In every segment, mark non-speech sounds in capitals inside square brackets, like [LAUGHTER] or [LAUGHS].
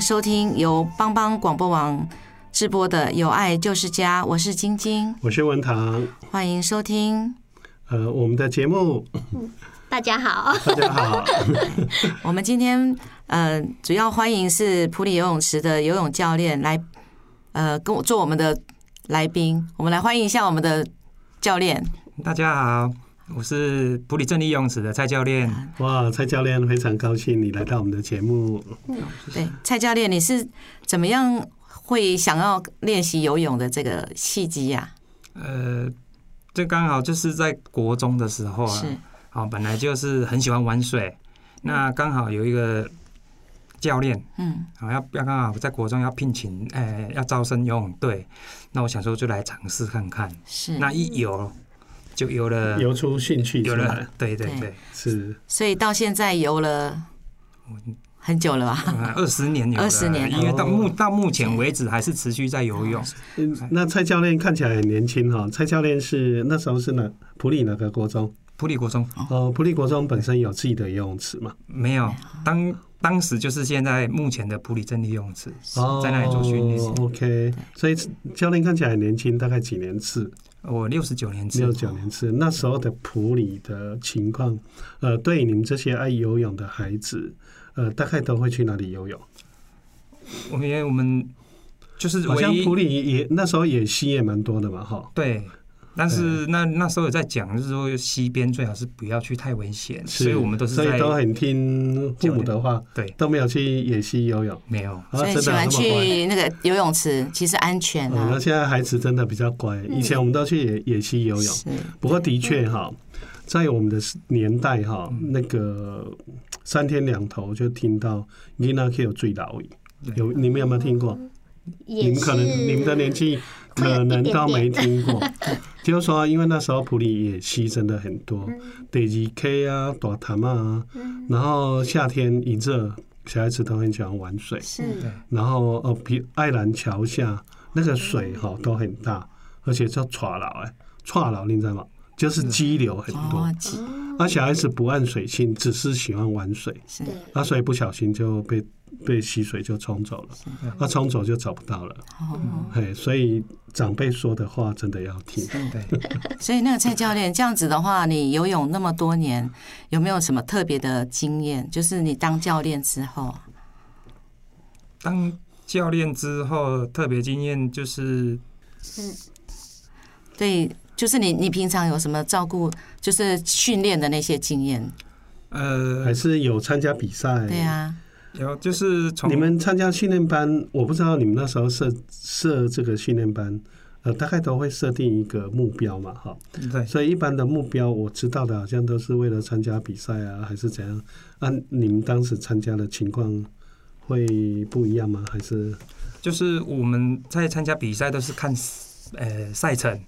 收聽由幫幫廣播網直播的《有愛就是家》，我是菁菁，我是文堂，歡迎收聽，呃，我們的節目、嗯。大家好，大家好。 [LAUGHS] 我們今天呃，主要歡迎是埔里游泳池的游泳教練來，呃，跟我做我們的來賓。我們來歡迎一下我們的教練。大家好。我是埔里鎮立游泳池的蔡教練。哇，蔡教練，非常高興你來到我們的節目。對、欸，蔡教練，你是怎麼樣會想要練習游泳的這個契機呀？呃，這剛好就是在國中的時候啊，好、哦，本來就是很喜歡玩水，那剛好有一個教練，嗯，好、哦、要要剛好在國中要聘請，哎、呃，要招生游泳隊，那我想說就來嘗試看看，是那一游。就游了游出興趣，有了對對對，是。所以到現在游了很久了吧？二十年，二十年，因為到目到目前為止還是持續在游泳。那蔡教練看起來很年輕哈，蔡教練是那時候是哪埔里那個國中？埔里國中。哦，埔里國中本身有自己的游泳池嘛？沒、嗯、有，當當時就是現在目前的埔里鎮立游泳池，在那裡做訓練。OK，所以教練看起來很年輕，大概幾年次？我六十九年次，六十九年是、哦、那時候的埔里的情況，呃，對你們這些愛游泳的孩子，呃，大概都會去哪裡游泳？我們我們就是好像埔里也那時候也溪也蠻多的嘛，哈，對。但是那那時候也在講，就是說西邊最好是不要去太危險，嗯，所以我們都是在所以都很聽父母的話，對，都沒有去野溪游泳，沒有，啊、所以喜歡那去那個游泳池，其實安全啊。那、嗯、現在孩子真的比較乖，以前我們都去野、嗯、野溪游泳，不過的確哈、嗯，在我們的年代哈、嗯，那個三天兩頭就聽到你 n a k 有 l l 墜有你們有沒有聽過？你們可能你們的年紀可能都沒聽過，就是說、啊、因為那時候埔里也犧牲了很多，對吉 K 啊、多塔啊、嗯、然後夏天一熱，小孩子都很喜歡玩水。是的。然後哦，比愛蘭橋下那個水吼、哦、都很大，而且叫湍流哎，湍流你知道嗎？就是激流很多。激。那、哦啊、小孩子不諳水性，只是喜歡玩水。是的。那、啊、所以不小心就被。被溪水就沖走了，那沖走就找不到了。哦，嘿，所以長輩說的話真的要聽。對，對， [LAUGHS] 所以那個蔡教練這樣子的話，你游泳那麼多年，有沒有什麼特別的經驗？就是你當教練之後，當教練之後特別經驗就是，嗯，對，就是你你平常有什麼照顧，就是訓練的那些經驗？呃，還是有參加比賽？對啊。然後就是從你們參加訓練班，我不知道你們那時候設設這個訓練班，呃，大概都會設定一個目標嘛，哈。對。所以一般的目標我知道的好像都是為了參加比賽啊，還是怎樣？按、啊、你們當時參加的情況會不一樣嗎？還是？就是我們在參加比賽都是看，呃，賽程，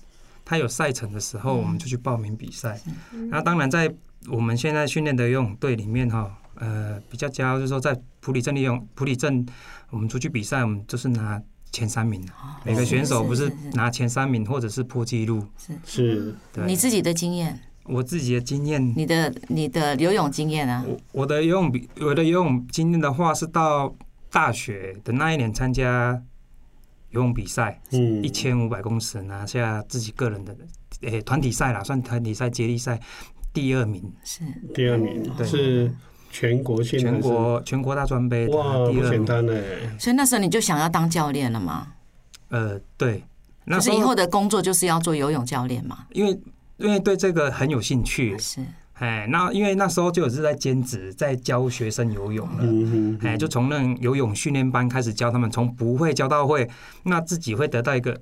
他有賽程的時候我們就去報名比賽。嗯、然後當然，在我們現在訓練的游泳隊裡面，哈。呃，比較驕傲就是說，在埔里鎮利用埔里鎮我們出去比賽，我們就是拿前三名。哦。每個選手不是拿前三名，或者是破紀錄。是，是你自己的經驗？我自己的經驗，你的你的游泳經驗啊？我我的游泳比我的游泳經驗的話，是到大學的那一年參加游泳比賽，嗯，一千五百公尺拿下自己個人的誒欸、團體賽啦，算團體賽接力賽第二名，是第二名，對，是。全國性，全國全國大專盃，哇，很簡單呢、欸。所以那時候你就想要當教練了嗎？呃，對，就是以後的工作就是要做游泳教練嘛。因為因為對這個很有興趣，是哎，那因為那時候就有是在兼職，在教學生游泳了，哎、嗯，就從那游泳訓練班開始教他們，從不會教到會，那自己會得到一個。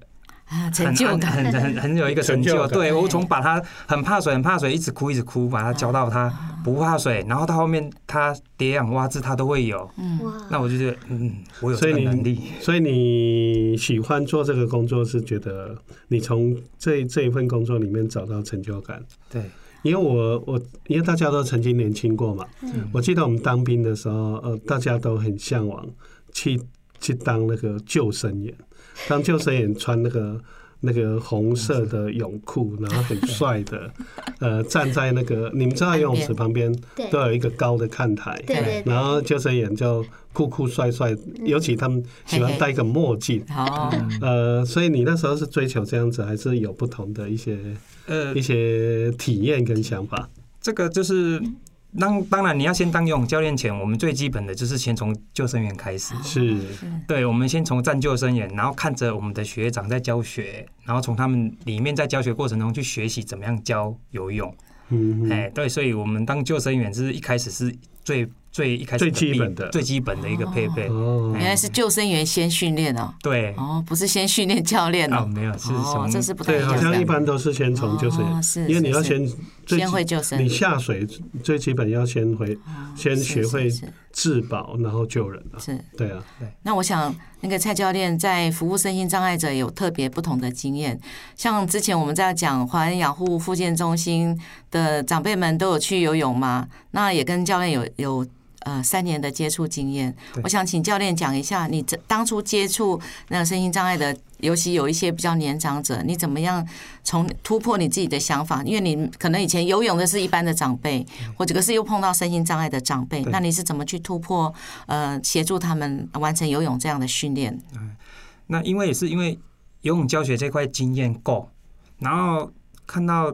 啊，成就感很很很，很有一個成就。成就感對，我從把他很怕水，很怕水，一直哭，一直哭，把他教到他不怕水，然後到後面他蝶泳、蛙式，他都會有。嗯，那我就覺得，嗯，我有這個能力。所以你，所以你喜歡做這個工作，是覺得你從這這一份工作裡面找到成就感？對，因為我我因為大家都曾經年輕過嘛、嗯。我記得我們當兵的時候，呃，大家都很嚮往去去當那個救生員。當救生員穿那個那個紅色的泳褲，然後很帥的，呃，站在那個你們知道游泳池旁邊都有一個高的看台，然後救生員就酷酷帥帥，尤其他們喜歡戴個墨鏡，呃，所以你那時候是追求這樣子，還是有不同的一些呃一些體驗跟想法？這個就是。當當然，你要先當游泳教練前，我們最基本的就是先從救生員開始，哦。是，對，我們先從站救生員，然後看着我們的學長在教學，然後從他們裡面在教學過程中去學習怎麼樣教游泳。嗯，哎、欸，對，所以我們當救生員是一開始是。最最一開始最基本的最基本的一個配備哦，原來是救生員先訓練哦，對哦，不是先訓練教練哦，啊，uh, 沒有、是、哦、這是不這對、啊，好像一般都是先從救生員、哦，因為你要先是是是先會救生，你下水最基本要先會、哦、先學會自保是是是，然後救人啊。是對啊對。那我想那個蔡教練在服務身心障礙者有特別不同的經驗，像之前我們在講懷恩養護復健中心的長輩們都有去游泳嗎？那也跟教練有有呃三年的接觸經驗，我想請教練講一下，你這當初接觸那個身心障礙的，尤其有一些比較年長者，你怎麼樣從突破你自己的想法？因為你可能以前游泳的是一般的長輩，或者是又碰到身心障礙的長輩，那你是怎麼去突破？呃，協助他們完成游泳這樣的訓練？那因為也是因為游泳教學這塊經驗夠，然後看到。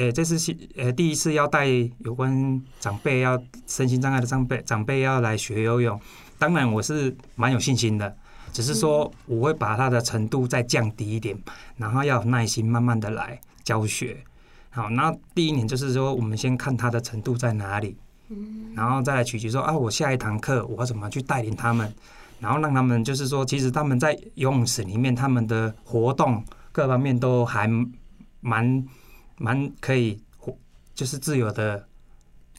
呃、欸，這是是、欸、第一次要帶有關長輩，要身心障礙的長輩，長輩要來學游泳。當然我是蠻有信心的，只是說我會把他的程度再降低一點，嗯、然後要耐心慢慢的來教學。好，那第一年就是說，我們先看他的程度在哪裡，嗯，然後再來取決說啊，我下一堂課我要怎麼去帶領他們，然後讓他們就是說，其實他們在游泳池裡面，他們的活動各方面都還蠻。蠻可以，就是自由的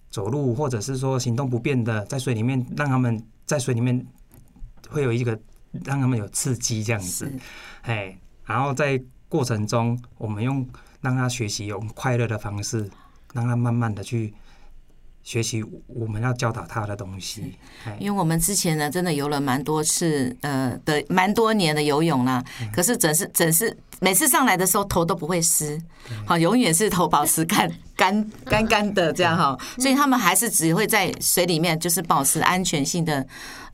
走路，或者是說行動不便的，在水裡面讓他們在水裡面會有一個讓他們有刺激這樣子，哎、hey，然後在過程中我們用讓他學習用快樂的方式，讓他慢慢的去。學習我們要教導他的東西、嗯，因為我們之前呢，真的游了蠻多次，呃的蠻多年的游泳啦、嗯，可是整是整是每次上來的時候頭都不會濕，好、嗯哦，永遠是頭保持乾乾乾乾的這樣哈、嗯，所以他們還是只會在水裡面就是保持安全性的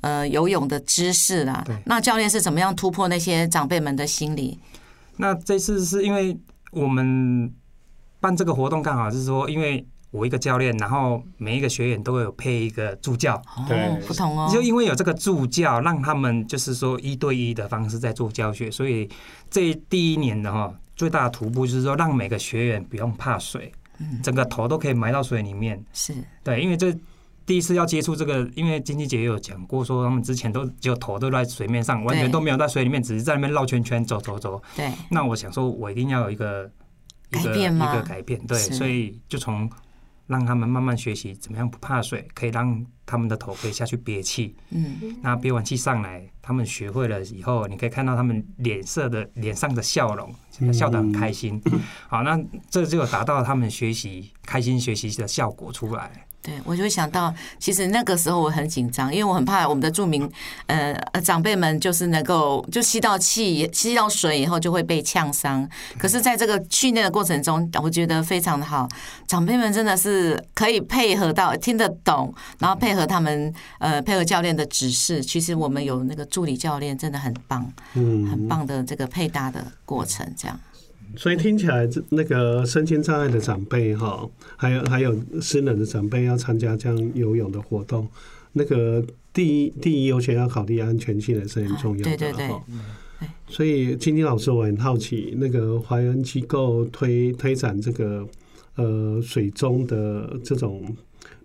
呃游泳的姿勢啦。那教練是怎麼樣突破那些長輩們的心理？那這次是因為我們辦這個活動剛好是說因為。我一個教練，然後每一個學員都有配一個助教、哦，對，不同哦。就因為有這個助教，讓他們就是說一對一的方式在做教學，所以這一第一年的話最大的突破就是說讓每個學員不用怕水、嗯，整個頭都可以埋到水裡面，是對。因為這第一次要接觸這個，因為菁菁姐也有講過說，他們之前都就頭都在水面上，完全都沒有在水裡面，只是在那邊繞圈圈走走走。對。那我想說，我一定要有一個，一個改變嗎？一個改變，對，所以就從。讓他們慢慢學習怎麼樣不怕水，可以讓他們的頭可以下去憋氣。嗯，那憋完氣上來，他們學會了以後，你可以看到他們臉色的臉上的笑容，笑得很開心。好，那這就有達到他們學習開心學習的效果出來。對，我就會想到，其實那個時候我很緊張，因為我很怕我們的住民呃長輩們就是能夠就吸到氣、吸到水以後就會被嗆傷。可是，在這個訓練的過程中，我覺得非常的好，長輩們真的是可以配合到聽得懂，然後配合他們呃配合教練的指示。其實我們有那個助理教練真的很棒，嗯，很棒的這個配搭的過程，這樣。所以聽起來，這那個身心障礙的長輩哈，還有還有失能的長輩要參加這樣游泳的活動，那個第一第一，優先要考慮安全性也是很重要的。對對對。所以，菁菁老師，我很好奇，那個懷恩機構推推展這個呃水中的這種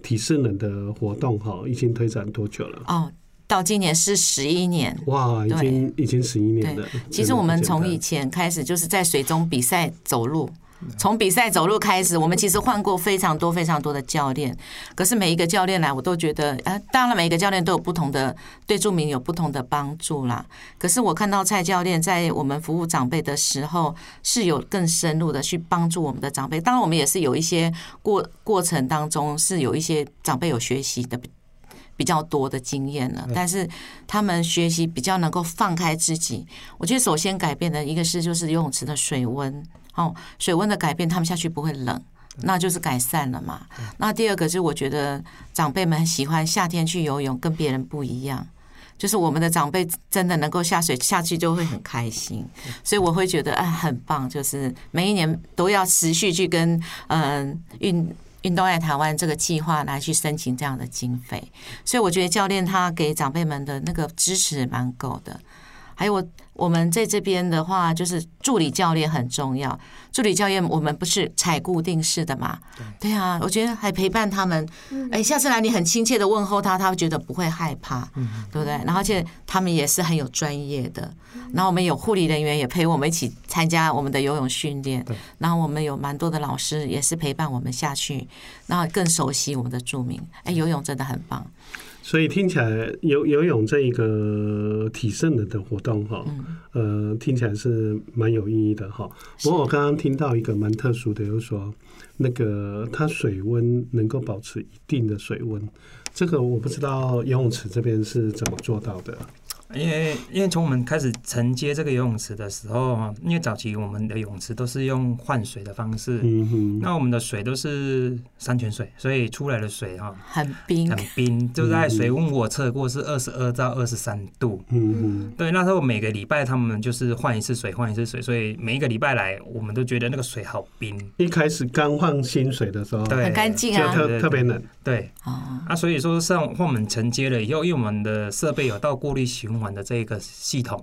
體適能的活動哈，已經推展多久了？到今年是十一年。哇，已經已經十一年了對，對，其實我們從以前開始就是在水中比賽走路，從比賽走路開始，我們其實換過非常多非常多的教練。可是每一個教練呢，我都覺得，啊，當然每一個教練都有不同的對住民有不同的幫助啦。可是我看到蔡教練在我們服務長輩的時候，是有更深入的去幫助我們的長輩。當然我們也是有一些過過程當中是有一些長輩有學習的。比較多的經驗了，但是他們學習比較能夠放開自己。我覺得首先改變的一個是就是游泳池的水溫，哦，水溫的改變，他們下去不會冷，那就是改善了嘛。那第二個是我覺得長輩們喜歡夏天去游泳，跟別人不一樣，就是我們的長輩真的能夠下水下去就會很開心，所以我會覺得啊，很棒，就是每一年都要持續去跟嗯運呃運動愛台灣這個計劃來去申請這樣的經費，所以我覺得教練他給長輩們的那個支持蠻夠的。哎，我我們在這邊的話，就是助理教練很重要。助理教練，我們不是踩固定式的嘛？對。對啊，我覺得還陪伴他們。哎，下次來你很親切地問候他，他會覺得不會害怕，嗯嗯對不對？然後而且他們也是很有專業的。嗯。然後我們有護理人員也陪我們一起參加我們的游泳訓練。對。然後我們有蠻多的老師也是陪伴我們下去，那更熟悉我們的住民。哎，游泳真的很棒。所以聽起來游游泳這一個體勝的的活動哈，嗯，呃，聽起來是蠻有意義的哈。不過我剛剛聽到一個蠻特殊的，就是說那個它水溫能夠保持一定的水溫，這個我不知道游泳池這邊是怎麼做到的。因為因為從我們開始承接這個游泳池的時候哈，因為早期我們的泳池都是用換水的方式、嗯哼，那我們的水都是山泉水，所以出來的水哈很冰很冰、嗯，就在水溫我測過是二十二到二十三度、嗯哼，對，那時候每個禮拜他們就是換一次水換一次水，所以每一個禮拜來我們都覺得那個水好冰。一開始剛換新水的時候，對，很乾淨，啊。就特對對對特別冷，對，對哦、啊，所以說像我們承接了以後，因為我們的設備有到過濾循環。的這個系統，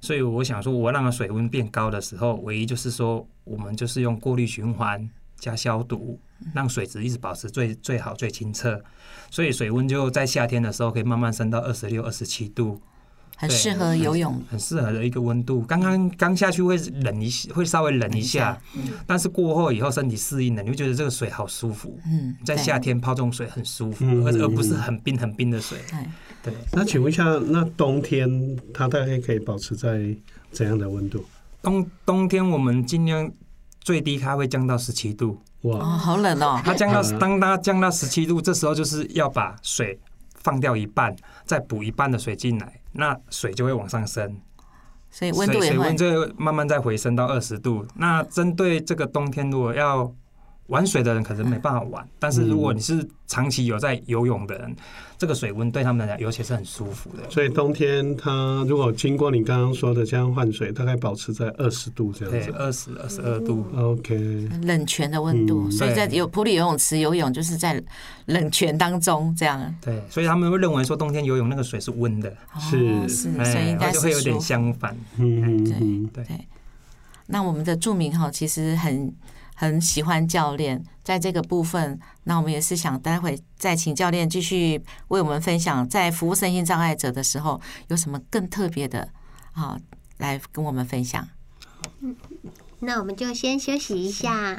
所以我想說，我讓水溫變高的時候，唯一就是說，我們就是用過濾循環加消毒，讓水質一直保持最最好、最清澈。所以水溫就在夏天的時候可以慢慢升到二十六、二十七度，很適合游泳，很適合的一個溫度。剛剛剛下去會冷一些，會稍微冷一下，冷一下、嗯，但是過後以後身體適應了，你會覺得這個水好舒服。嗯，在夏天泡這種水很舒服，而而不是很冰、很冰的水。對，那請問一下，那冬天它大概可以保持在怎樣的溫度？冬冬天我們盡量最低它會降到十七度，哇、哦，好冷哦！它降到當它降到十七度，這時候就是要把水放掉一半，再補一半的水進來，那水就會往上升，所以溫度也會水溫就會慢慢再回升到二十度。那針對這個冬天，如果要玩水的人可能沒辦法玩、嗯，但是如果你是長期有在游泳的人，嗯、這個水溫對他們來講，尤其是很舒服的。所以冬天他如果經過你剛剛說的這樣換水，大概保持在二十度這樣子，二十二十二度、嗯。OK，冷泉的溫度、嗯，所以在有埔里游泳池游泳就是在冷泉當中這樣。對，所以他們會認為說冬天游泳那個水是溫的，是、哦、是，是所以應該就會有點相反。嗯，對對，對，對。那我們的住民哈，其實很。很喜歡教練在這個部分，那我們也是想待會再請教練繼續為我們分享，在服務身心障礙者的時候有什麼更特別的啊，來跟我們分享。那我們就先休息一下。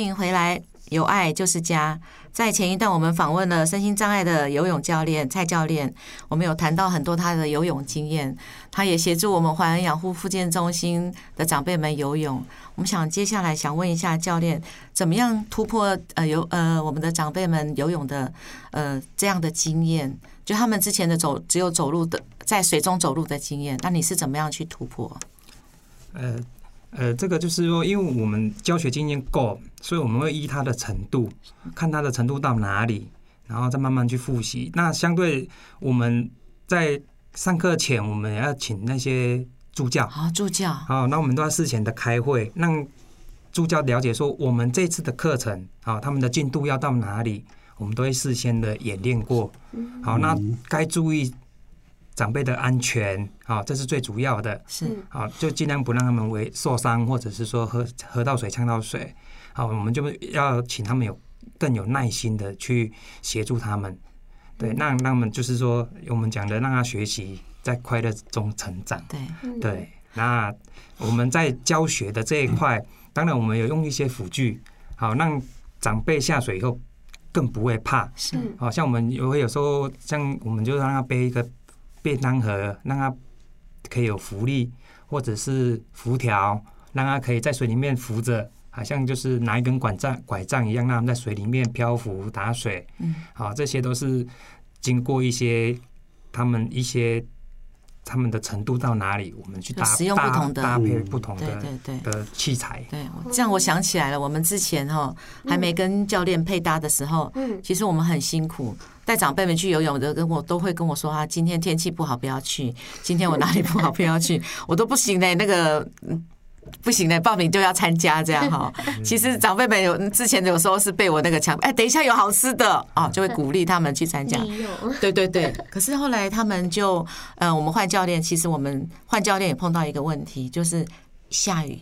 歡迎回來，有愛就是家。在前一段，我們訪問了身心障礙的游泳教練蔡教練，我們有談到很多他的游泳經驗，他也協助我們懷恩養護復健中心的長輩們游泳。我們想接下來想問一下教練，怎麼樣突破呃游呃我們的長輩們游泳的呃這樣的經驗，就他們之前的走只有走路的在水中走路的經驗，那你是怎麼樣去突破？呃。呃，這個就是說，因為我們教學經驗夠，所以我們會依他的程度，看他的程度到哪裡，然後再慢慢去複習。那相對我們在上課前，我們也要請那些助教啊，助教啊，那我們都要事前的開會，讓助教了解說我們這次的課程啊、哦，他們的進度要到哪裡，我們都會事先的演練過。好，那該注意。長輩的安全啊、哦，這是最主要的。是啊、哦，就盡量不讓他們為受傷，或者是說喝喝到水，嗆到水。好、哦，我們就要請他們有更有耐心的去協助他們。對，嗯、那那他們就是說我們講的讓他學習，在快樂中成長。對、嗯、對那我們在教學的這一塊、嗯，當然我們有用一些輔具，好讓長輩下水以後更不會怕。是，好、哦、像我們有有時候像我們就讓他背一個。便當盒，讓它可以有浮力，或者是浮條，讓它可以在水裡面浮着，好像就是拿一根拐杖，拐杖一樣，讓他們在水裡面漂浮打水。嗯，好，這些都是經過一些他們一些。他們的程度到哪裡？我們去搭使用不同的搭，搭配不同的，嗯、對對對的器材。對，這樣我想起來了，我們之前哈還沒跟教練配搭的時候，嗯，其實我們很辛苦，帶長輩們去游泳的，跟我都會跟我說啊，今天天氣不好，不要去；今天我哪裡不好，不要去， [LAUGHS] 我都不行嘞、欸，那個。不行的，報名就要參加這樣哈。其實長輩們有之前有時候是被我那個強，哎，等一下有好吃的哦，就會鼓勵他們去參加。有對對對。可是後來他們就呃，我們換教練。其實我們換教練也碰到一個問題，就是下雨。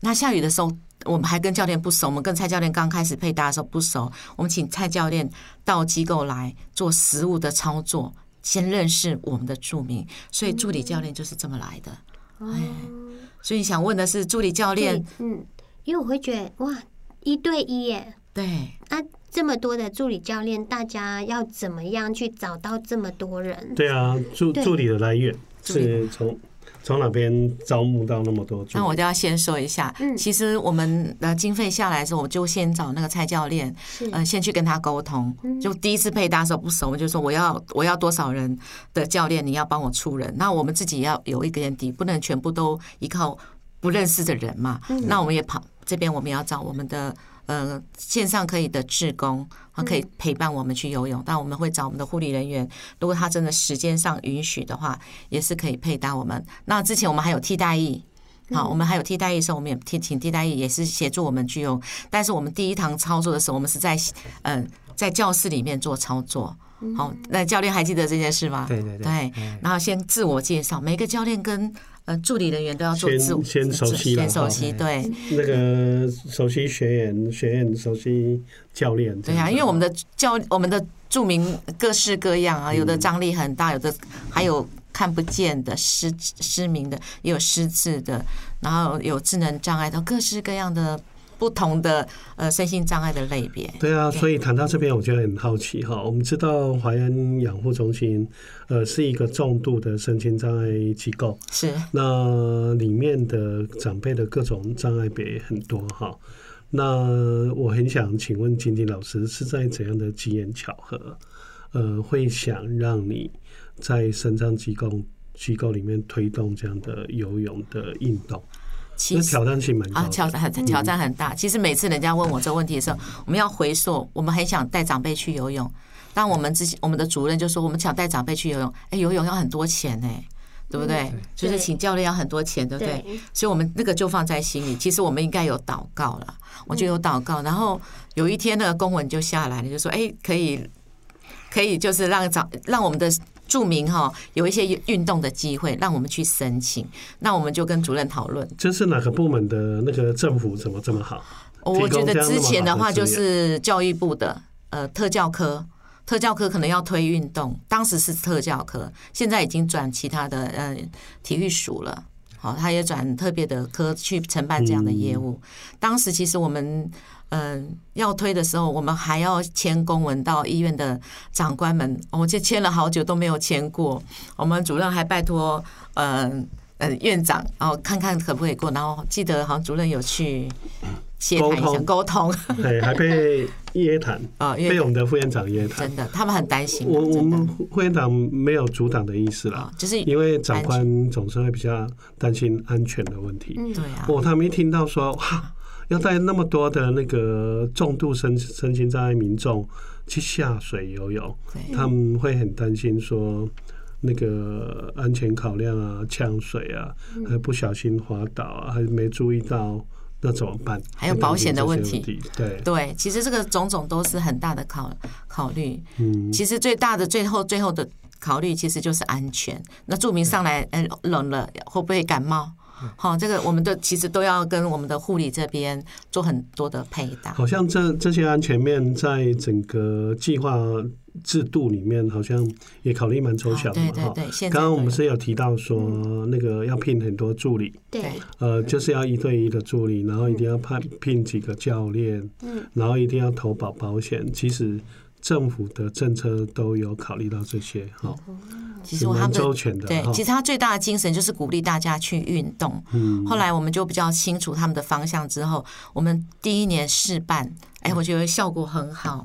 那下雨的時候，我們還跟教練不熟。我們跟蔡教練剛開始配搭的時候不熟，我們請蔡教練到機構來做實物的操作，先認識我們的住民。所以助理教練就是這麼來的。嗯嗯所以想問的是助理教練，嗯，因為我會覺得哇，一對一耶，對，那、啊、這麼多的助理教練，大家要怎麼樣去找到這麼多人？對啊，助助理的來源是從。從哪邊招募到那麼多？那我就要先說一下，其實我們的經費下來的時候，我就先找那個蔡教練，嗯、呃，先去跟他溝通。就第一次配搭的時候不熟，我就說我要我要多少人的教練，你要幫我出人。那我們自己要有一個點底，不能全部都依靠不認識的人嘛。嗯、那我們也跑這邊，我們也要找我們的。呃，線上可以的志工，可以陪伴我們去游泳。嗯、但我們會找我們的護理人員，如果他真的時間上允許的話，也是可以配搭我們。那之前我們還有替代役，嗯、好，我們還有替代役的時候，我們也請替，替，替代役也是協助我們去游泳。但是我們第一堂操作的時候，我們是在嗯、呃、在教室裡面做操作。好、嗯哦，那教練還記得這件事嗎？嗯、對對對，對、嗯。然後先自我介紹，每個教練跟。助理人員都要做自，先先熟悉先熟悉，對，那個熟悉學員，學員熟悉教練。對呀、啊，因為我們的教，我們的住民各式各樣啊，有的張力很大、嗯，有的還有看不見的失失明的，也有失智的，然後有智能障礙的，各式各樣的。不同的呃身心障礙的類別，對啊，所以談到這邊，我就很好奇哈、嗯。我們知道懷恩養護中心呃是一個重度的身心障礙機構，是那裡面的長輩的各種障礙別很多哈。那我很想請問菁菁老師，是在怎樣的機緣巧合，嗯、呃會想讓你在身心障礙機構機構裡面推動這樣的游泳的運動？其實挑戰性蠻大的啊，挑戰很挑戰很大。其實每次人家問我這問題的時候， [LAUGHS] 我們要回溯，我們很想帶長輩去游泳，但我們之前我們的主任就說，我們想帶長輩去游泳，哎、欸，游泳要很多錢呢、欸，對不對？嗯、就是請教練要很多錢，對，對不對，對？所以我們那個就放在心裡。其實我們應該有禱告了，我就有禱告，然後有一天呢，公文就下來了，就說，哎、欸，可以，可以，就是讓長讓我們的。著名哈，有一些運動的機會，讓我們去申請。那我們就跟主任討論。這是哪個部門的那個政府？怎麼這麼好，這麼好、哦？我覺得之前的話就是教育部的，呃，特教科，特教科可能要推運動。當時是特教科，現在已經轉其他的，呃，體育署了。好、哦，他也轉特別的科去承辦這樣的業務。嗯、當時其實我們。嗯，要推的時候，我們還要簽公文到醫院的長官們，我、哦、就簽了好久都沒有簽過。我們主任還拜托，嗯、呃、嗯、呃，院長，然、哦、後看看可不可以過。然後記得，好像主任有去約談一下，溝通，通。對，還被約談啊，被我們的副院長約談、嗯。真的，他們很擔心、啊。我我們副院長沒有阻擋的意思了、哦，就是因為長官總是會比較擔心安全的問題。對、嗯、啊。我、哦、他們一聽到說，要帶那麼多的那個重度身身心障礙民眾去下水游泳，他們會很擔心說那個安全考量啊、嗆水啊、還不小心滑倒啊、還沒注意到那怎麼辦？還有保險的問題，對對，對，其實這個種種都是很大的考考慮。嗯，其實最大的最後最後的考慮其實就是安全。那住民上來，嗯，冷了會不會感冒？好，這個我們都其實都要跟我們的護理這邊做很多的配搭。好像這這些安全面在整個計劃制度裡面，好像也考慮蠻周全的哈。對，對，對現剛剛我們是有提到說、嗯、那個要聘很多助理，對，呃，就是要一對一的助理，然後一定要派聘幾個教練、嗯，然後一定要投保保險。其實。政府的政策都有考慮到這些哈、哦哦，其實他們周全的對、哦，其實他最大的精神就是鼓勵大家去運動、嗯。後來我們就比較清楚他們的方向之後，我們第一年試辦。哎，我覺得效果很好。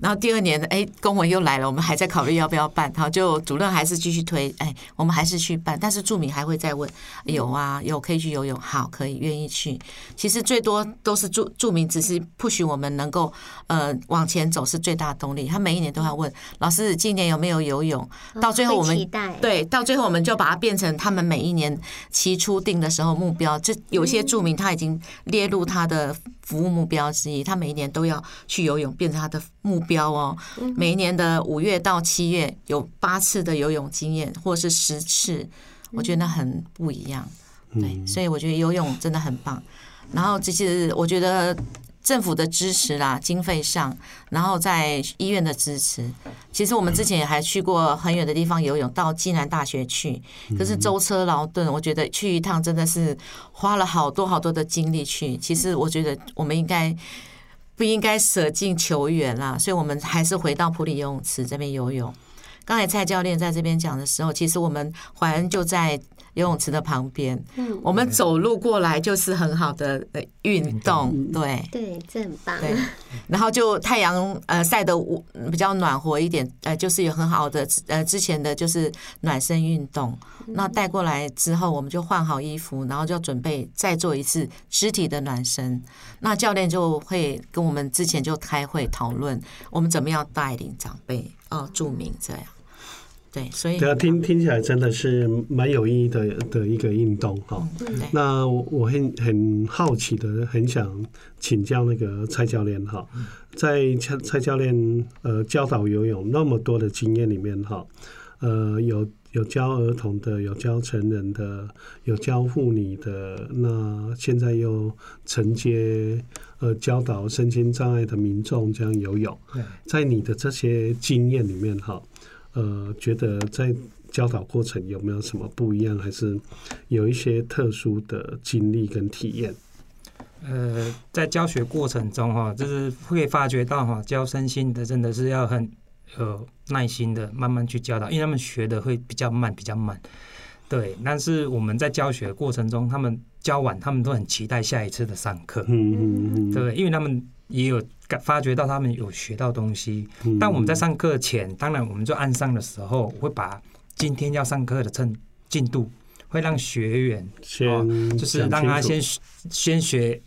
然後第二年，哎，公文又來了，我們還在考慮要不要辦。好，就主任還是繼續推。哎，我們還是去辦。但是住民還會再問，有啊，有可以去游泳，好，可以願意去。其實最多都是住住民，只是不許我們能夠呃往前走是最大動力。他每一年都要問老師，今年有沒有游泳？到最後我們期待對，到最後我們就把它變成他們每一年起初定的時候目標。就有些住民他已經列入他的服務目標之一，他每一年。都要去游泳，變成他的目標哦。每一年的五月到七月有八次的游泳經驗，或是十次，我覺得那很不一樣。對，所以我覺得游泳真的很棒。然後這是我覺得政府的支持啦，經費上，然後在醫院的支持。其實我們之前也還去過很遠的地方游泳，到暨南大學去，可是舟車勞頓，我覺得去一趟真的是花了好多好多的精力去。其實我覺得我們應該。不應該捨近求遠啦，所以我們還是回到埔里游泳池這邊游泳。剛才蔡教練在這邊講的時候，其實我們懷恩就在游泳池的旁邊、嗯，我們走路過來就是很好的運動、嗯對嗯，對，對，這很棒。然後就太陽呃曬得比較暖和一點，呃，就是有很好的呃之前的就是暖身運動。那帶過來之後，我們就換好衣服，然後就準備再做一次肢體的暖身。那教練就會跟我們之前就開會討論，我們怎麼樣帶領長輩哦，著名這樣。對，所以，對啊，聽聽起來真的是蠻有意義的的一個運動哈。那我我很很好奇的，很想請教那個蔡教練哈，在蔡蔡教練呃教導游泳那麼多的經驗裡面哈，呃有。有教兒童的，有教成人的，有教婦女的。那現在又承接呃教導身心障礙的民眾這樣游泳。在你的這些經驗裡面哈，呃，覺得在教導過程有沒有什麼不一樣，還是有一些特殊的經歷跟體驗？呃，在教學過程中哈，就是會發覺到哈，教身心的真的是要很。呃，耐心的慢慢去教導，因為他們學的會比較慢，比較慢。對，但是我們在教學過程中，他們教完，他們都很期待下一次的上課。嗯嗯嗯。對，因為他們也有發覺到他們有學到東西。嗯。但我們在上課前，當然我們就岸上的時候，會把今天要上課的程進度，會讓學員先，哦，就是讓他先先學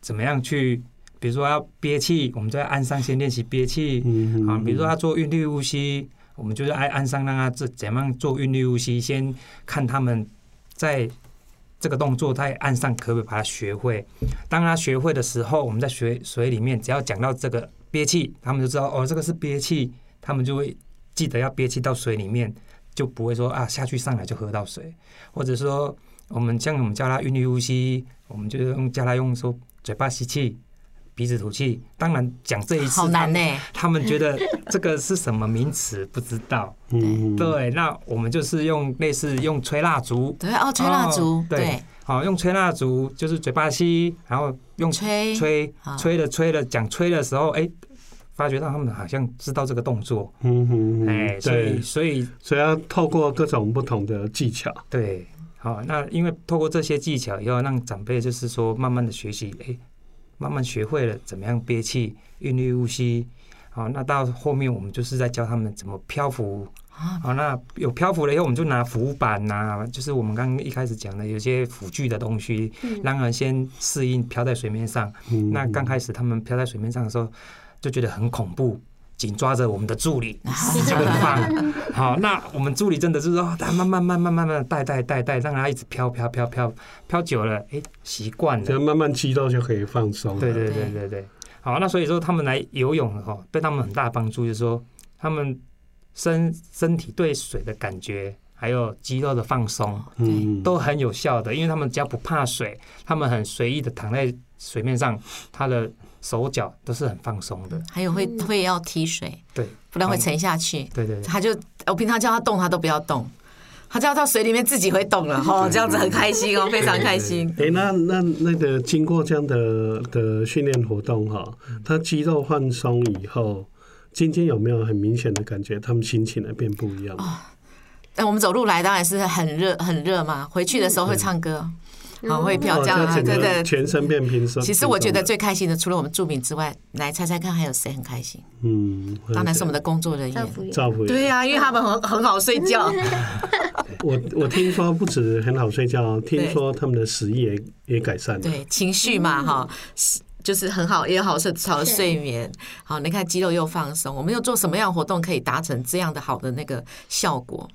怎麼樣去。比如說要憋氣，我們就在岸上先練習憋氣啊。比如說要做韻律呼吸，我們就是在岸上讓他這怎樣做韻律呼吸，先看他們在這個動作在岸上可不可以把它學會。當他學會的時候，我們在水水裡面，只要講到這個憋氣，他們就知道哦，這個是憋氣，他們就會記得要憋氣到水裡面，就不會說啊，下去上來就喝到水。或者說我們像我們教他韻律呼吸，我們就是用教他用說嘴巴吸氣，鼻子吐氣，當然講這一次好難、欸他，他們覺得這個是什麼名詞，不知道。 [LAUGHS] 對。那我們就是用類似用吹蠟燭，對，哦，吹蠟燭、哦，對。好、哦，用吹蠟燭就是嘴巴吸，然後用吹吹吹的吹的，講吹的時候，哎、欸，發覺到他們好像知道這個動作。嗯嗯哎，所以對所以所以要透過各種不同的技巧。對。好，那因為透過這些技巧，要讓長輩就是說慢慢的學習，哎、欸。慢慢學會了怎麼樣憋氣、韻律呼吸，好、哦，那到後面我們就是在教他們怎麼漂浮。好、哦，那有漂浮了以後，我們就拿浮板吶、啊，就是我們剛一開始講的有些輔具的東西，嗯、讓人先適應漂在水面上。嗯、那剛開始他們漂在水面上的時候，就覺得很恐怖。緊抓着我們的助理，釋放。好，那我們助理真的是說，他慢慢、慢慢、慢慢、帶、帶、帶、帶，讓他一直飄、飄、飄、飄，飄久了，哎、欸，習慣了。要慢慢肌肉就可以放鬆。對對對對對。好，那所以說他們來游泳的哈，對、喔、他們很大幫助，就是說他們身身體對水的感覺，還有肌肉的放鬆、嗯，都很有效的。因為他們只要不怕水，他們很隨意的躺在水面上，他的。手腳都是很放鬆的，還有會會要踢水，對、嗯，不然會沉下去。嗯、對對，對他就我平常叫他動，他都不要動，他只要到水裡面自己會動了哈， [LAUGHS] 這樣子很開心哦， [LAUGHS] 對對對非常開心。哎、欸，那那那個經過這樣的的訓練活動哈，他肌肉放鬆以後，今天有沒有很明顯的感覺？他們心情的變不一樣？哎、哦欸，我們走路來當然是很熱很熱嘛，回去的時候會唱歌。好、嗯，會、哦、飄，這樣啊！的，全身變平生、哦、其實我覺得最開心的，除了我們住民之外，來猜猜看，還有誰很開心？嗯，當然是我們的工作人員，照顧對呀、啊，因為他們很、嗯、很好睡覺。嗯、 [LAUGHS] 我我聽說不止很好睡覺，聽說他們的食欲也也改善了。對，情緒嘛，哈、哦嗯，就是很好，也好是好睡眠。好，你看肌肉又放鬆。我們又做什麼樣的活動可以達成這樣的好的那個效果？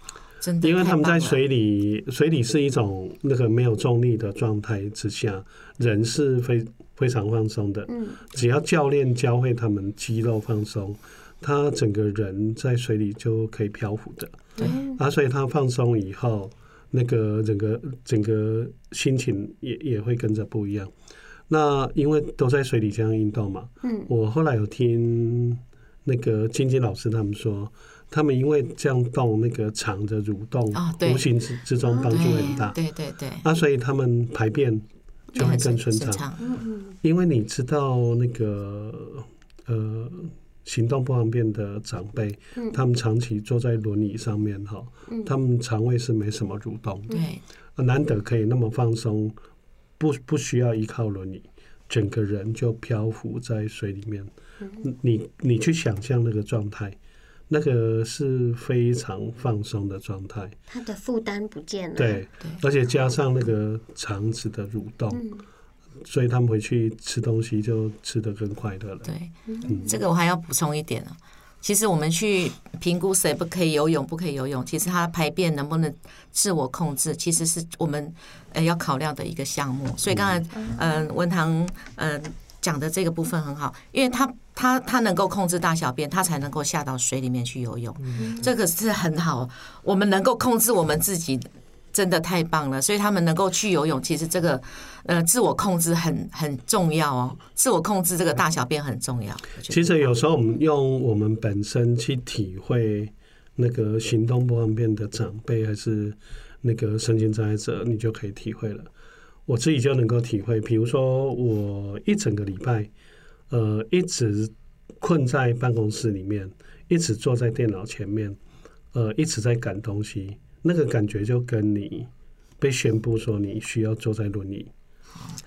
因為他們在水裡，水裡是一種那個沒有重力的狀態之下，人是非非常放鬆的。只要教練教會他們肌肉放鬆，他整個人在水裡就可以漂浮的。對，啊，所以他放鬆以後，那個整個整個心情也也會跟着不一樣。那因為都在水裡這樣運動嘛，嗯，我後來有聽那個菁菁老師他們說。他們因為這樣動，那個腸的蠕動，無形之之中幫助很大。對對對。那所以他們排便就會更順暢。因為你知道那個呃，行動不方便的長輩，他們長期坐在輪椅上面哈，他們腸胃是沒什麼蠕動的，難得可以那麼放鬆，不不需要依靠輪椅，整個人就漂浮在水裡面。你你去想象那個狀態。那個是非常放鬆的狀態，他的負擔不見了對。對，而且加上那個腸子的蠕動、嗯，所以他們回去吃東西就吃得更快樂了。對、嗯，這個我還要補充一點，其實我們去評估誰不可以游泳，不可以游泳，其實他排便能不能自我控制，其實是我們呃要考量的一個項目。所以剛才嗯、呃、文堂講、呃、的這個部分很好，因為他。他他能夠控制大小便，他才能夠下到水裡面去游泳。嗯嗯，這個是很好，我們能夠控制我們自己，真的太棒了。所以他們能夠去游泳，其實這個呃自我控制很很重要哦。自我控制這個大小便很重要。嗯、其實有時候我們用我們本身去體會，那個行動不方便的長輩還是那個身心障礙者，你就可以體會了。我自己就能夠體會，比如說我一整個禮拜。呃，一直困在辦公室裡面，一直坐在電腦前面，呃，一直在趕東西，那個感覺就跟你被宣布說你需要坐在輪椅，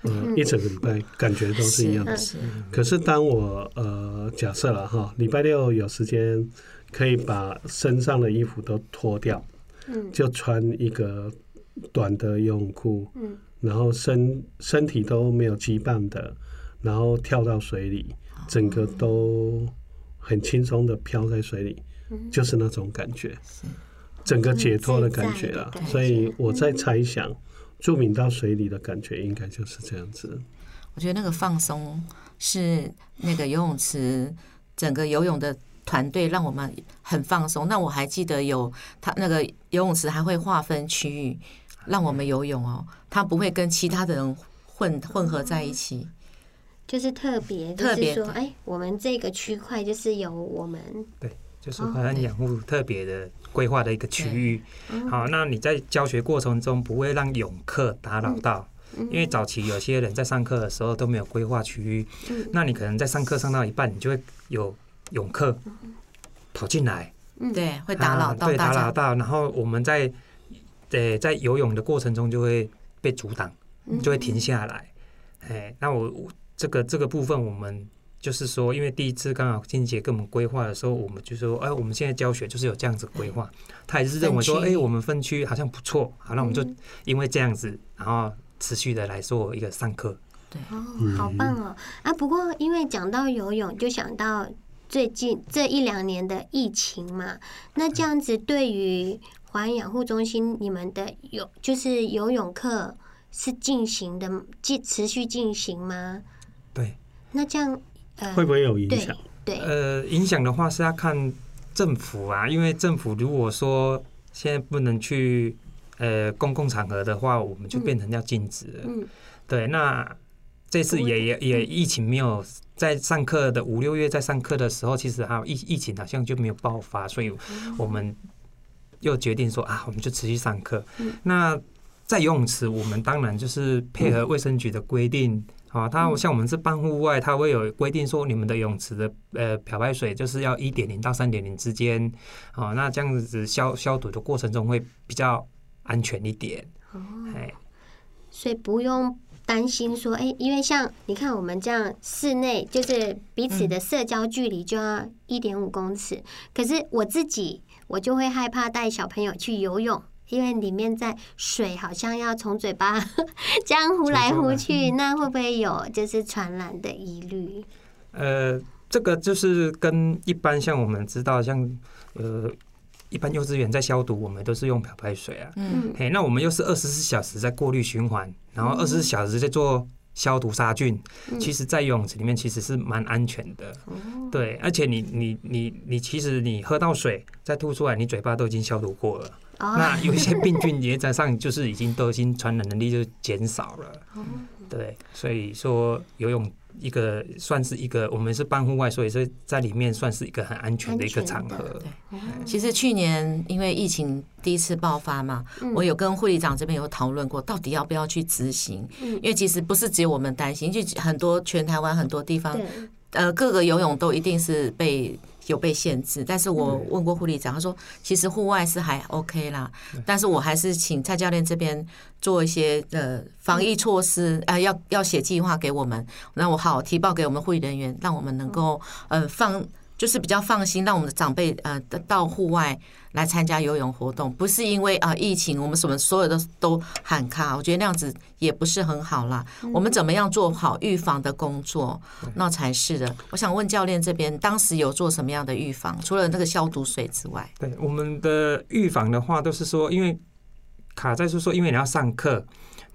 呃，嗯，一整個禮拜感覺都是一樣的。是，是。可是當我呃假設了哈，禮拜六有時間，可以把身上的衣服都脫掉，就穿一個短的游泳褲，嗯，然後身身體都沒有羈絆的。然後跳到水裡，整個都很輕鬆的漂在水裡、嗯，就是那種感覺，整個解脫的感覺了、啊。所以我在猜想，住、嗯、民到水裡的感覺應該就是這樣子。我覺得那個放鬆是那個游泳池整個游泳的團隊讓我們很放鬆。那我還記得有他那個游泳池還會劃分區域，讓我們游泳哦，他不會跟其他的人混混合在一起。就是特別、就是，特別說，哎，我們這個區塊就是由我們，對，就是懷恩養護特別的規劃的一個區域。好，那你在教學過程中不會讓泳客打擾到、嗯，因為早期有些人在上課的時候都沒有規劃區域、嗯，那你可能在上課上到一半，你就會有泳客跑進來、嗯，對，會打擾到、啊、對，打擾到，然後我們在在、呃、在游泳的過程中就會被阻擋，就會停下來。哎、嗯、欸，那我我。這個這個部分，我們就是說，因為第一次剛好金姐跟我們規劃的時候，我們就說：“哎，我們現在教學就是有這樣子規劃。嗯”他也是認為說：“哎，我們分區好像不錯好、嗯，好，那我們就因為這樣子，然後持續的來做一個上課。對”對、哦，好棒哦！啊，不過因為講到游泳，就想到最近這一兩年的疫情嘛，那這樣子對於懷恩養護中心你們的游就是游泳課是進行的繼持續進行嗎？那這樣、嗯、會不會有影響？對，呃，影響的話是要看政府啊，因為政府如果說現在不能去呃公共場合的話，我們就變成要禁止了、嗯。對，那這次也也也疫情沒有在上課的五六月在上課的時候，其實還有疫疫情好像就沒有爆發，所以我們又決定說、嗯、啊，我們就持續上課、嗯。那在游泳池，我們當然就是配合衛生局的規定。嗯好、哦，它像我們是半戶外，它會有規定說，你們的泳池的呃漂白水就是要一點零到三點零之間，好、哦，那這樣子消消毒的過程中會比較安全一點。哦，哎，所以不用擔心說，哎、欸，因為像你看，我們這樣室內就是彼此的社交距離就要一點五公尺，可是我自己我就會害怕帶小朋友去游泳。因為裡面在水好像要從嘴巴這樣呼來呼去，那會不會有就是傳染的疑慮？呃，這個就是跟一般像我們知道，像呃一般幼稚園在消毒，我們都是用漂白水啊。嗯，嘿，那我們又是二十四小時在過濾循環，然後二十四小時在做消毒殺菌、嗯，其實在泳池裡面其實是蠻安全的、嗯。對，而且你你你你，你你其實你喝到水再吐出來，你嘴巴都已經消毒過了。 [LAUGHS] 那有一些病菌也在上，就是已經都已經傳染能力就減少了，對，所以說游泳一個算是一個，我們是半戶外，所以在裡面算是一個很安全的一個場合。對，其實去年因為疫情第一次爆發嘛，我有跟護理長這邊有討論過，到底要不要去執行？因為其實不是只有我們擔心，就很多全台灣很多地方，呃，各個游泳都一定是被。有被限制，但是我問過護理長，他說其實戶外是還 OK 啦，但是我還是請蔡教練這邊做一些呃防疫措施，啊、呃，要要寫計劃給我們，那我好，好提報給我們護理人員，讓我們能夠呃放。就是比較放心，讓我們的長輩呃到戶外來參加游泳活動，不是因為啊、呃、疫情，我們什麼所有的都喊卡，我覺得那樣子也不是很好啦。嗯、我們怎麼樣做好預防的工作，那才是的。我想問教練這邊，當時有做什麼樣的預防？除了那個消毒水之外，對，我們的預防的話，都是說因為卡在是說因為你要上課。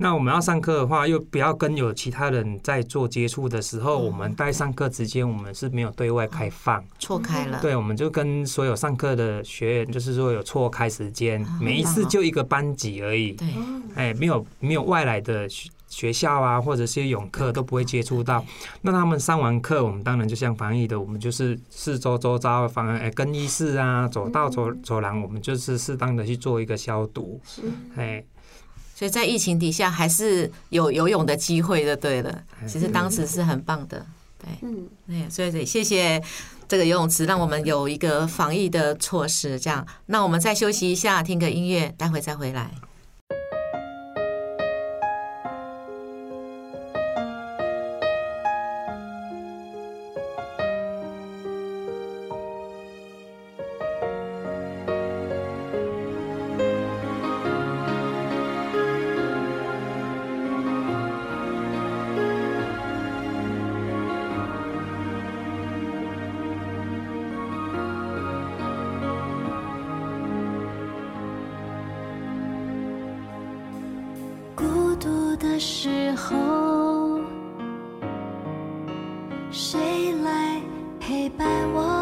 那我們要上課的話，又不要跟有其他人在做接觸的時候，嗯、我們在上課之間，我們是沒有對外開放，錯開了。對、嗯，我們就跟所有上課的學員，就是說有錯開時間、嗯，每一次就一個班級而已。嗯、對，哎，沒有沒有外來的學學校啊，或者是泳客都不會接觸到、嗯。那他們上完課，我們當然就像防疫的，我們就是四周周遭方案，更衣室啊，走道走走廊，我們就是適當的去做一個消毒。嗯、哎。所以在疫情底下還是有游泳的機會的，對的。其實當時是很棒的，對。嗯，對，所以謝謝這個游泳池，讓我們有一個防疫的措施。這樣，那我們再休息一下，聽個音樂，待會再回來。陪伴我。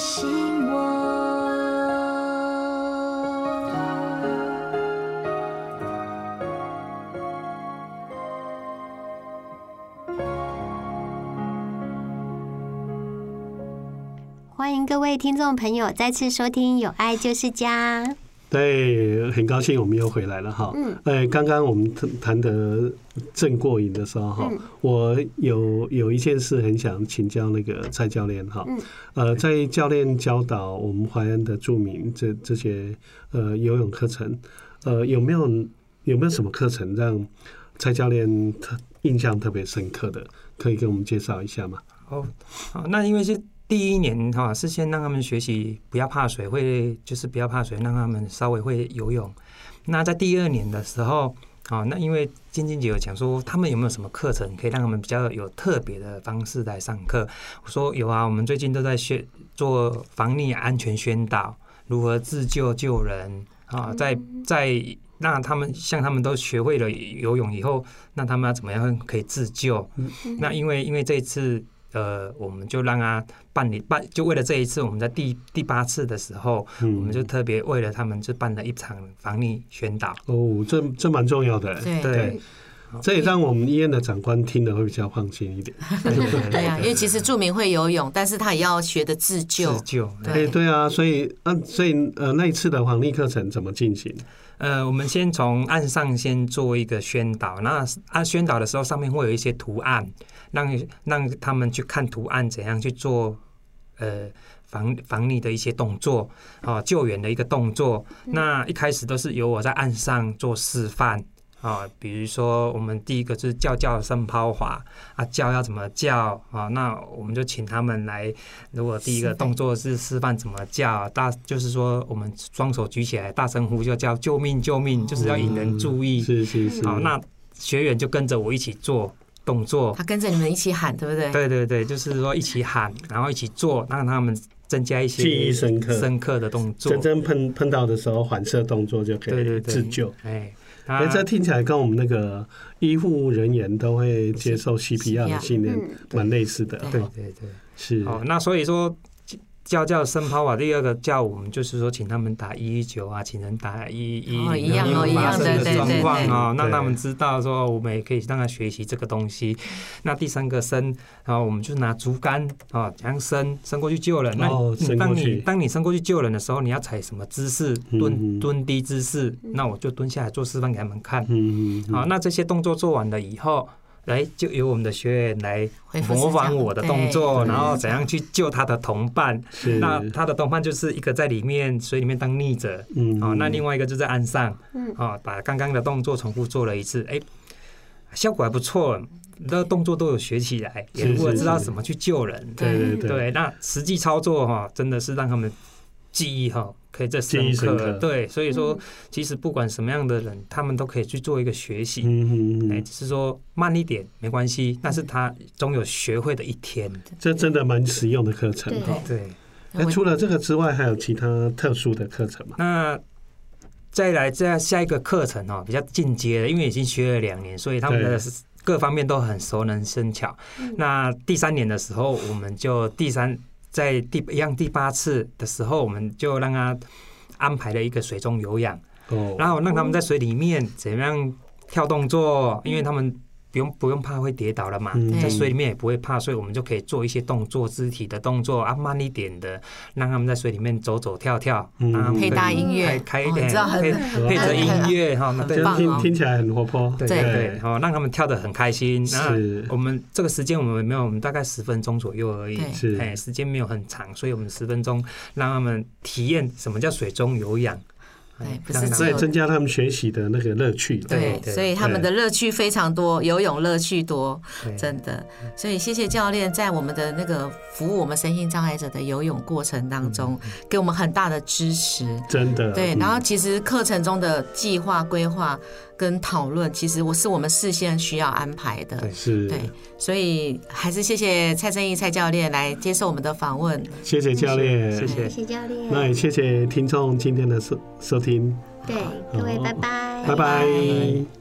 希望歡迎各位聽眾朋友再次收聽《有愛就是家》。對，很高興我們又回來了哈。嗯。哎，剛剛我們談得正過癮的時候哈，我有有一件事很想請教那個蔡教練哈。嗯。呃，在教練教導我們懷恩的住民這這些呃游泳課程，呃，有沒有有沒有什麼課程讓蔡教練特印象特別深刻的，可以給我們介紹一下嗎？哦，好，那因為是。第一年哈、啊、是先讓他們學習不要怕水，會就是不要怕水，讓他們稍微會游泳。那在第二年的時候啊，那因為菁菁姐有講說，他們有沒有什麼課程可以讓他們比較有特別的方式來上課？我說有啊，我們最近都在學做防溺安全宣導，如何自救救人啊，在在讓他們像他們都學會了游泳以後，那他們要怎麼樣可以自救？那因為因為這一次。呃，我們就讓他辦理辦，就為了這一次，我們在第第八次的時候，嗯、我們就特別為了他們就辦了一場防疫宣導。哦，這這蠻重要的，對。對這也讓我們醫院的長官聽得會比較放心一點。 [LAUGHS] 對啊，因為其實住民會游泳，但是他也要學的自救。自救。對、哎、對啊，所以呃、啊，所以呃，那一次的防溺課程怎麼進行？呃，我們先從岸上先做一個宣導。那啊，宣導的時候，上面會有一些圖案，讓讓他們去看圖案怎樣去做呃防防溺的一些動作、啊，救援的一個動作。那一開始都是由我在岸上做示範。.啊、哦，比如說我們第一個就是叫叫聲拋划啊，叫要怎麼叫啊、哦？那我們就請他們來。如果第一個動作是示範怎麼叫，大就是說我們雙手舉起來大聲呼叫，叫救命救命、嗯，就是要引人注意。是是是，是。啊、哦，那學員就跟着我一起做動作。他跟着你們一起喊，對不對？對對對，就是說一起喊，然後一起做，讓他們增加一些記憶深刻深刻的動作。真正碰碰到的時候，反射動作就可以自救。哎。欸哎，這聽起來跟我們那個醫護人員都會接受 CPR 的訓練，蠻類似的。嗯、對對對，對，是。好，那所以說。叫叫伸拋啊，第二個叫我們就是說，請他們打一一九啊，請人打 1,、哦、一、哦哦、一一，一樣麻煩的狀況啊，那讓他們知道說，我們也可以讓他學習這個東西。那第三個伸，然後我們就拿竹竿啊，這樣伸伸,伸過去救人。哦、那你、嗯、當你當你伸過去救人的時候，你要踩什麼姿勢？蹲嗯嗯蹲低姿勢。那我就蹲下來做示範給他們看。好、嗯嗯嗯哦，那這些動作做完了以後。哎，就由我們的學員來模仿我的動作，欸、然後怎樣去救他的同伴。那他的同伴就是一個在裡面水裡面當溺者、哦，那另外一個就在岸上、嗯哦，把剛剛的動作重複做了一次，哎，效果還不錯，那動作都有學起來，也知道怎麼去救人。是是是對對對，對，那實際操作哈、哦，真的是讓他們。記憶哈，可以再深刻。對，所以說、嗯，其實不管什麼樣的人，他們都可以去做一個學習。嗯嗯嗯。哎、欸，只、就是說慢一點沒關係，但是他總有學會的一天。嗯、這真的蠻實用的課程哈。對，對、對、欸。除了這個之外，還有其他特殊的課程嗎？那再來再下一個課程哈，比較進階的，因為已經學了兩年，所以他們的各方面都很熟能生巧。那第三年的時候，嗯、我們就第三。 [LAUGHS] 在第一樣第八次的時候，我們就讓他安排了一個水中有氧，oh. 然後讓他們在水裡面怎樣跳動作，oh. 因為他們。不用不用怕會跌倒了嘛，在水裡面也不會怕，所以我們就可以做一些動作、肢體的動作啊，慢一點的，讓他們在水裡面走走跳跳。嗯，讓他們配搭音樂，開一點，哦、配配着音樂哈，聽聽起來很活潑、哦。對對，對，好，讓他們跳的很開心。對對對是，我們這個時間我們沒有，我們大概十分鐘左右而已。是，哎，時間沒有很長，所以我們十分鐘讓他們體驗什麼叫水中有氧。對，不是在增加他們學習的那個樂趣。對，對對，所以他們的樂趣非常多，游泳樂趣多，真的。所以謝謝教練，在我們的那個服務我們身心障礙者的游泳過程當中、嗯，給我們很大的支持。真的。對，嗯、然後其實課程中的計劃規劃。跟討論，其實我是我們事先需要安排的，對，是對所以還是謝謝蔡正億蔡教練來接受我們的訪問，謝謝教練，謝謝教練，那也謝謝聽眾今天的收收聽，對，各位拜拜，拜拜。拜拜